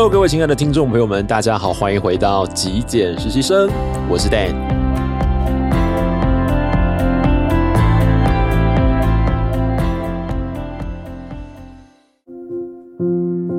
Hello，各位親愛的聽眾朋友們，大家好，歡迎回到極簡實習生，我是 Dan。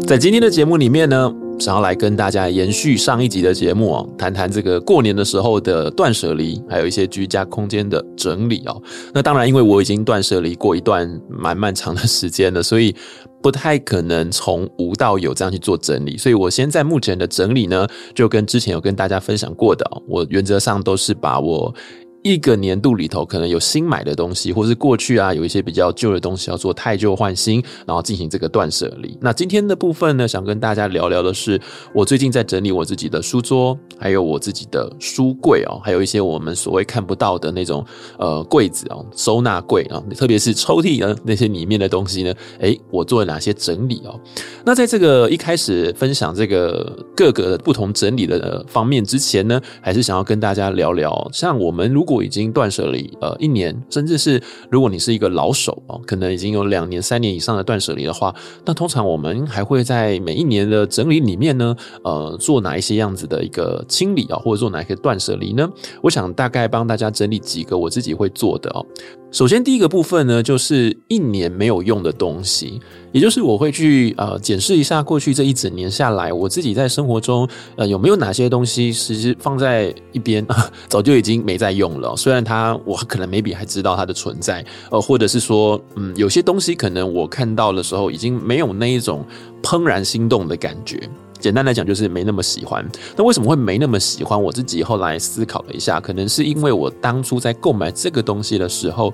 在今天的節目裡面呢，想要來跟大家延續上一集的節目哦，談談這個過年的時候的斷舍離，還有一些居家空間的整理哦。那當然，因為我已經斷舍離過一段蠻漫長的時間了，所以。不太可能從無到有這樣去做整理，所以我現在目前的整理呢，就跟之前有跟大家分享過的，我原則上都是把我。一個年度裡頭，可能有新買的東西，或是過去啊有一些比較舊的東西要做汰舊換新，然後進行這個斷捨離。那今天的部分呢，想跟大家聊聊的是，我最近在整理我自己的書桌，還有我自己的書櫃哦，還有一些我們所謂看不到的那種呃櫃子哦，收納櫃啊，特別是抽屜啊那些裡面的東西呢，誒，我做了哪些整理哦？那在這個一開始分享這個各個不同整理的方面之前呢，還是想要跟大家聊聊，像我們如果果已經斷捨離，呃，一年，甚至是如果你是一個老手啊、哦，可能已經有兩年、三年以上的斷捨離的話，那通常我們還會在每一年的整理裡面呢，呃，做哪一些樣子的一個清理啊、哦，或者做哪一些斷捨離呢？我想大概幫大家整理幾個我自己會做的哦。首先，第一個部分呢，就是一年沒有用的東西，也就是我會去呃檢視一下過去這一整年下來，我自己在生活中呃有沒有哪些東西其實放在一邊，啊，早就已經沒在用了。雖然它我可能 maybe 還知道它的存在，呃，或者是說，嗯，有些東西可能我看到的時候已經沒有那一種怦然心動的感覺。簡單來講就是沒那麼喜歡。那為什麼會沒那麼喜歡？我自己後來思考了一下，可能是因為我當初在購買這個東西的時候，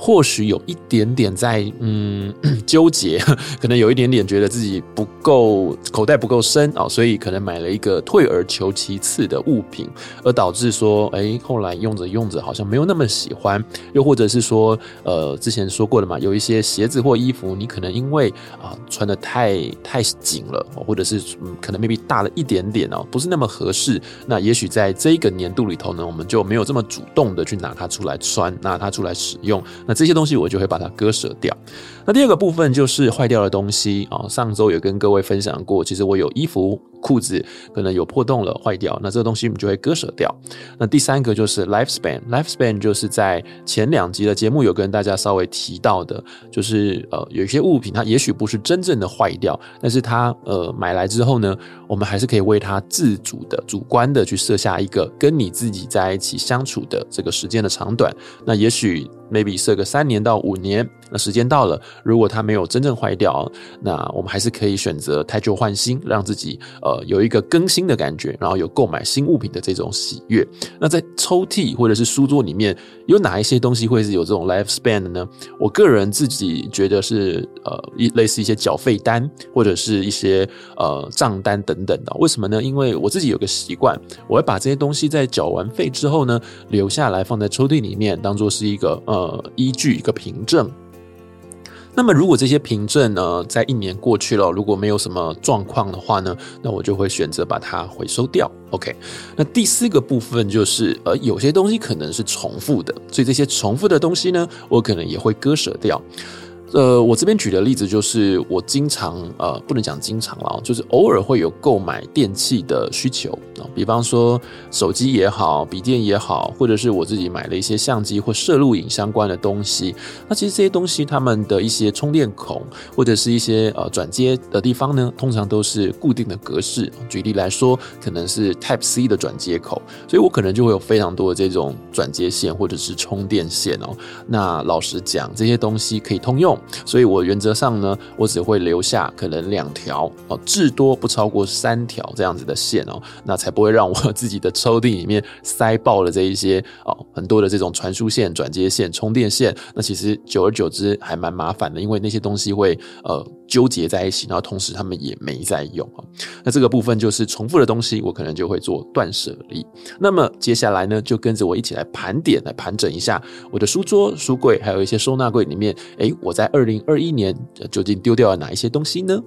或許有一點點在嗯糾結，可能有一點點覺得自己不夠口袋不夠深啊、哦，所以可能買了一個退而求其次的物品，而導致說哎、欸、後來用着用着好像沒有那麼喜歡，又或者是說呃之前說過的嘛，有一些鞋子或衣服你可能因為啊穿得太太緊了，或者是、嗯、可能 maybe 大了一點點哦，不是那麼合適，那也許在這個年度裡頭呢，我們就沒有這麼主動的去拿它出來穿，拿它出來使用。那這些東西我就會把它割捨掉。那第二個部分就是壞掉的東西啊、哦，上周有跟各位分享過。其實我有衣服、褲子，可能有破洞了，壞掉，那這個東西我們就會割捨掉。那第三個就是 lifespan，lifespan 就是在前兩集的節目有跟大家稍微提到的，就是呃，有一些物品它也許不是真正的壞掉，但是它呃買來之後呢，我們還是可以為它自主的、主觀的去設下一個跟你自己在一起相處的這個時間的長短。那也許。Maybe 設個三年到五年，那時間到了，如果它沒有真正壞掉，那我們還是可以選擇汰舊換新，讓自己呃有一個更新的感覺，然後有購買新物品的這種喜悅。那在抽屜或者是書桌裡面有哪一些東西會是有這種 life span 的呢？我個人自己覺得是呃一類似一些繳費單或者是一些呃賬單等等的。為什麼呢？因為我自己有個習慣，我會把這些東西在繳完費之後呢留下來放在抽屜裡面，當做是一個呃。呃，依據一個憑證。那麼，如果這些憑證呢，在一年過去了，如果沒有什麼狀況的話呢，那我就會選擇把它回收掉。OK，那第四個部分就是，呃，有些東西可能是重複的，所以這些重複的東西呢，我可能也會割捨掉。呃，我這邊舉的例子就是，我經常呃，不能講經常了，就是偶爾會有購買電器的需求啊，哦，比方說手機也好，筆電也好，或者是我自己買了一些相機或攝錄影相關的東西。那其實這些東西它們的一些充電孔或者是一些呃轉接的地方呢，通常都是固定的格式。舉例來說，可能是 Type-C 的轉接口，所以我可能就會有非常多的這種轉接線或者是充電線哦。那老實講，這些東西可以通用。所以我原則上呢，我只會留下可能兩條哦，至多不超過三條這樣子的線哦，那才不會讓我自己的抽屜裡面塞爆了這一些哦，很多的這種傳輸線、轉接線、充電線。那其實久而久之還蠻麻煩的，因為那些東西會呃，糾結在一起，然後同時他們也沒在用啊。那這個部分就是重複的東西，我可能就會做斷捨離。那麼接下來呢，就跟着我一起來盤點，來盤整一下我的書桌、書櫃，還有一些收納櫃裡面，誒，我在二零二一年究竟丟掉了哪一些東西呢？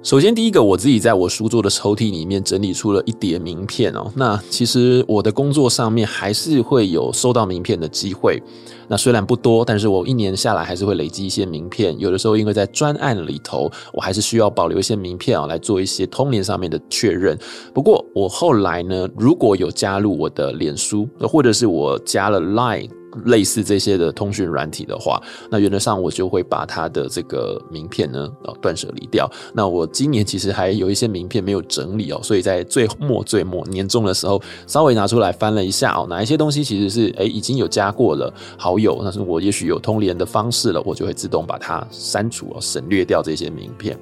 首先，第一個，我自己在我書桌的抽屜裡面整理出了一疊名片哦、喔。那其實我的工作上面還是會有收到名片的機會，那雖然不多，但是我一年下來還是會累積一些名片。有的時候因為在專案裡頭，我還是需要保留一些名片啊、喔，來做一些通聯上面的確認。不過我後來呢，如果有加入我的臉書，或者是我加了 Line。類似這些的通訊軟體的話，那原則上我就會把它的這個名片呢，喔、斷捨離掉。那我今年其實還有一些名片沒有整理哦、喔，所以在歲末歲末年終的時候，稍微拿出來翻了一下哦、喔，哪一些東西其實是誒、欸、已經有加過了好友，但是我也許有通聯的方式了，我就會自動把它刪除哦、喔，省略掉這些名片。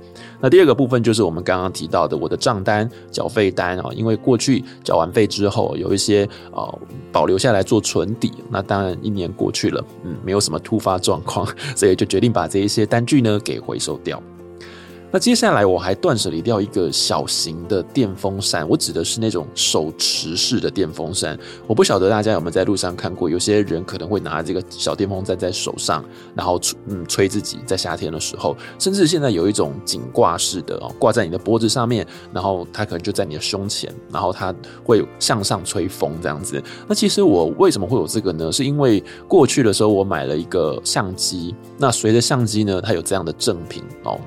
那第二個部分就是我們剛剛提到的，我的賬單、繳費單啊，因為過去繳完費之後有一些哦保留下來做存底，那當然一年過去了，嗯，沒有什麼突發狀況，所以就決定把這一些單據呢給回收掉。那接下來我還斷舍離掉一個小型的電風扇，我指的是那種手持式的電風扇。我不曉得大家有沒有在路上看過，有些人可能會拿這個小電風扇在手上，然後吹嗯吹自己。在夏天的時候，甚至現在有一種頸掛式的哦，掛在你的脖子上面，然後它可能就在你的胸前，然後它會向上吹風這樣子。那其實我為什麼會有這個呢？是因為過去的時候我買了一個相機，那隨着相機呢，它有這樣的贈品哦。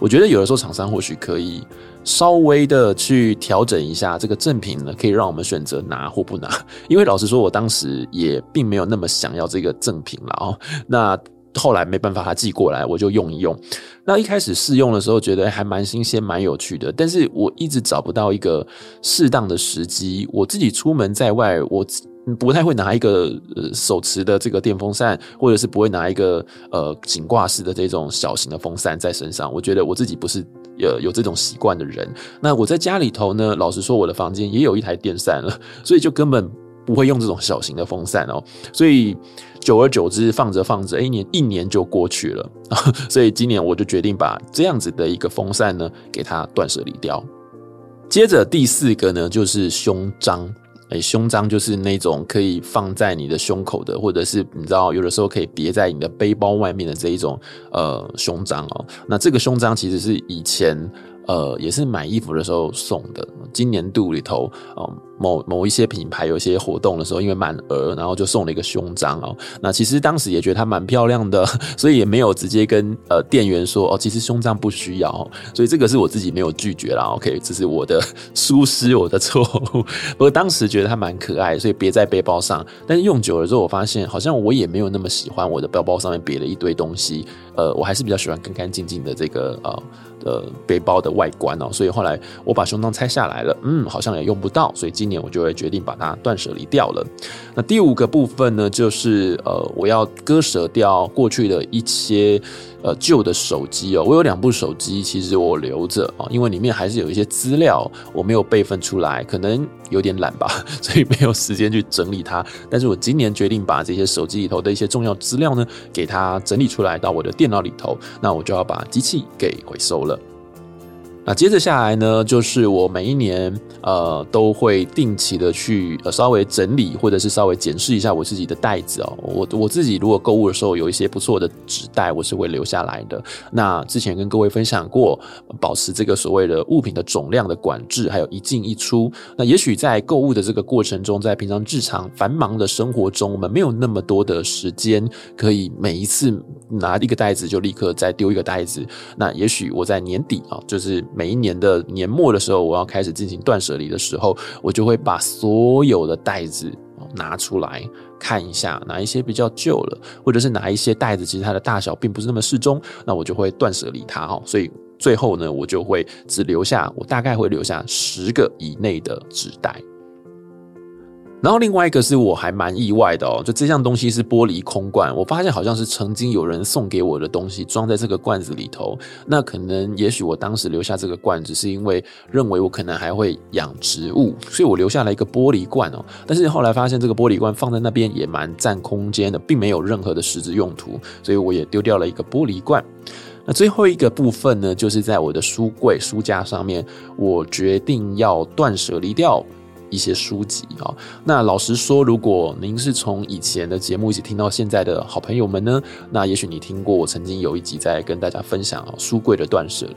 我覺得有的時候廠商或許可以稍微的去調整一下這個贈品呢，可以讓我們選擇拿或不拿。因為老實說，我當時也並沒有那麼想要這個贈品了哦。那後來沒辦法，他寄過來，我就用一用。那一開始試用的時候，覺得還蠻新鮮、蠻有趣的，但是我一直找不到一個適當的時機。我自己出門在外，我，不太會拿一個呃手持的這個電風扇，或者是不會拿一個呃頸掛式的這種小型的風扇在身上。我覺得我自己不是有、呃、有這種習慣的人。那我在家裡頭呢，老實說，我的房間也有一台電扇了，所以就根本不會用這種小型的風扇哦。所以久而久之，放着放着、欸，一年一年就過去了。 所以今年我就決定把這樣子的一個風扇呢，給它斷舍離掉。接着第四個呢，就是胸章。哎、欸，胸章就是那種可以放在你的胸口的，或者是你知道有的時候可以別在你的背包外面的這一種呃胸章哦。那這個胸章其實是以前呃也是買衣服的時候送的，今年度裡頭哦。嗯某某一些品牌有一些活動的時候，因為滿額，然後就送了一個胸章哦。那其實當時也覺得它蠻漂亮的，所以也沒有直接跟呃店員說哦，其實胸章不需要喔。所以這個是我自己沒有拒絕啦。OK，這是我的疏失，我的錯誤。不過當時覺得它蠻可愛，所以別在背包上。但是用久了之後，我發現好像我也沒有那麼喜歡我的背包上面別了一堆東西。呃，我還是比較喜歡乾乾淨淨的這個呃呃背包的外觀哦。所以後來我把胸章拆下來了，嗯，好像也用不到，所以今。年我就會決定把它斷捨離掉了。那第五個部分呢，就是呃，我要割捨掉過去的一些呃舊的手機哦。我有兩部手機，其實我留着啊、哦，因為裡面還是有一些資料，我沒有備份出來，可能有點懶吧，所以沒有時間去整理它。但是我今年決定把這些手機裡頭的一些重要資料呢，給它整理出來到我的電腦裡頭。那我就要把機器給回收了。那接着下來呢，就是我每一年呃都會定期的去呃稍微整理或者是稍微檢視一下我自己的袋子哦。我我自己如果購物的時候，有一些不錯的紙袋，我是會留下來的。那之前跟各位分享過，保持這個所謂的物品的總量的管制，還有一進一出。那也許在購物的這個過程中，在平常日常繁忙的生活中，我們沒有那麼多的時間，可以每一次拿一個袋子就立刻再丟一個袋子。那也許我在年底啊、哦，就是。每一年的年末的時候，我要開始進行斷捨離的時候，我就會把所有的袋子拿出來看一下，哪一些比較舊了，或者是哪一些袋子，其實它的大小並不是那麼適中，那我就會斷捨離它哈。所以最後呢，我就會只留下，我大概會留下十個以內的紙袋。然後另外一個是我還蠻意外的哦，就這項東西是玻璃空罐，我發現好像是曾經有人送給我的東西，裝在這個罐子裡頭。那可能也許我當時留下這個罐子，是因為認為我可能還會養植物，所以我留下了一個玻璃罐哦。但是後來發現這個玻璃罐放在那邊也蠻占空間的，並沒有任何的實質用途，所以我也丟掉了一個玻璃罐。那最後一個部分呢，就是在我的書櫃、書架上面，我決定要斷捨離掉。一些書籍啊，哦，那老實說，如果您是從以前的節目一起聽到現在的好朋友們呢，那也許你聽過我曾經有一集在跟大家分享，哦，書櫃的斷捨離。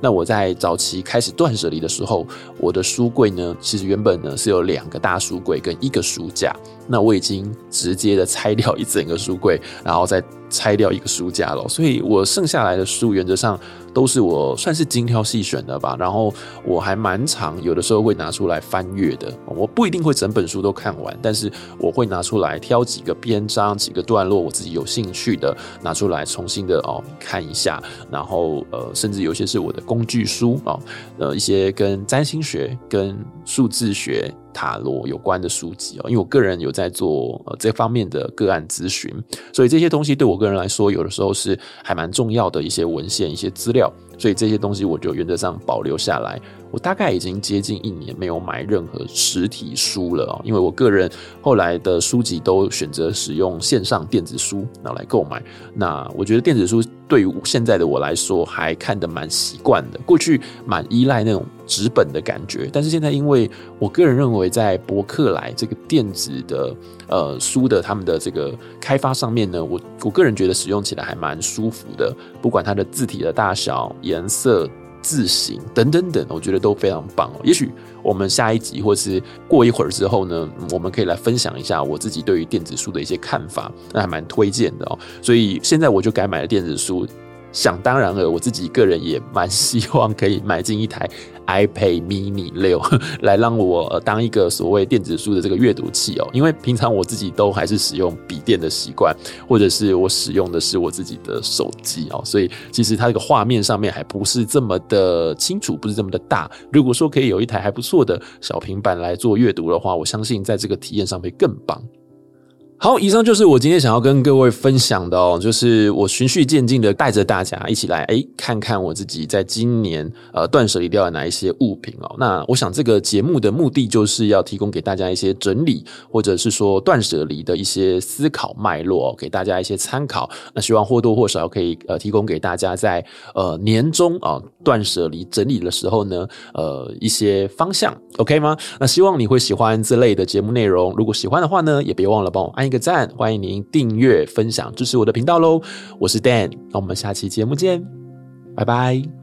那我在早期開始斷捨離的時候，我的書櫃呢，其實原本呢是有兩個大書櫃跟一個書架，那我已經直接的拆掉一整個書櫃，然後再拆掉一個書架了，所以我剩下來的書原則上，都是我算是精挑細選的吧，然後我還蠻常有的時候會拿出來翻閱的。我不一定會整本書都看完，但是我會拿出來挑幾個篇章、幾個段落，我自己有興趣的拿出來重新的哦看一下。然後呃，甚至有些是我的工具書啊，呃，一些跟占星學、跟數字學。塔羅有關的書籍哦，因為我個人有在做，呃，這方面的個案諮詢，所以這些東西對我個人來說，有的時候是還蠻重要的，一些文獻、一些資料，所以這些東西我就原則上保留下來。我大概已經接近一年沒有買任何實體書了哦，因為我個人後來的書籍都選擇使用線上電子書拿來購買。那我覺得電子書。對於現在的我來說，還看得蠻習慣的。過去蠻依賴那種紙本的感覺，但是現在因為我個人認為，在博客來這個電子的呃書的他們的這個開發上面呢，我我個人覺得使用起來還蠻舒服的，不管它的字體的大小、顏色。自行等等等，我覺得都非常棒哦。也許我們下一集或是過一會兒之後呢，我們可以來分享一下我自己對於電子書的一些看法，那還蠻推薦的哦。所以現在我就改買了電子書，想當然了，我自己個人也蠻希望可以買進一台，iPad Mini 六來讓我當一個所謂電子書的這個閱讀器哦，因為平常我自己都還是使用筆電的習慣，或者是我使用的是我自己的手機哦，所以其實它這個畫面上面還不是這麼的清楚，不是這麼的大。如果說可以有一台還不錯的小平板來做閱讀的話，我相信在這個體驗上會更棒。好，以上就是我今天想要跟各位分享的，哦，就是我循序漸進的帶着大家一起來，哎、欸，看看我自己在今年呃斷捨離掉了哪一些物品哦。那我想這個節目的目的就是要提供給大家一些整理，或者是說斷捨離的一些思考脈絡、哦，給大家一些參考。那希望或多或少可以呃提供給大家在呃年終啊斷捨離整理的時候呢，呃一些方向，OK 嗎？那希望你會喜歡這類的節目內容，如果喜歡的話呢，也別忘了幫我按。個讚，歡迎您訂閱、分享、支持我的頻道嘍。我是 Dan，那我們下期節目見，拜拜。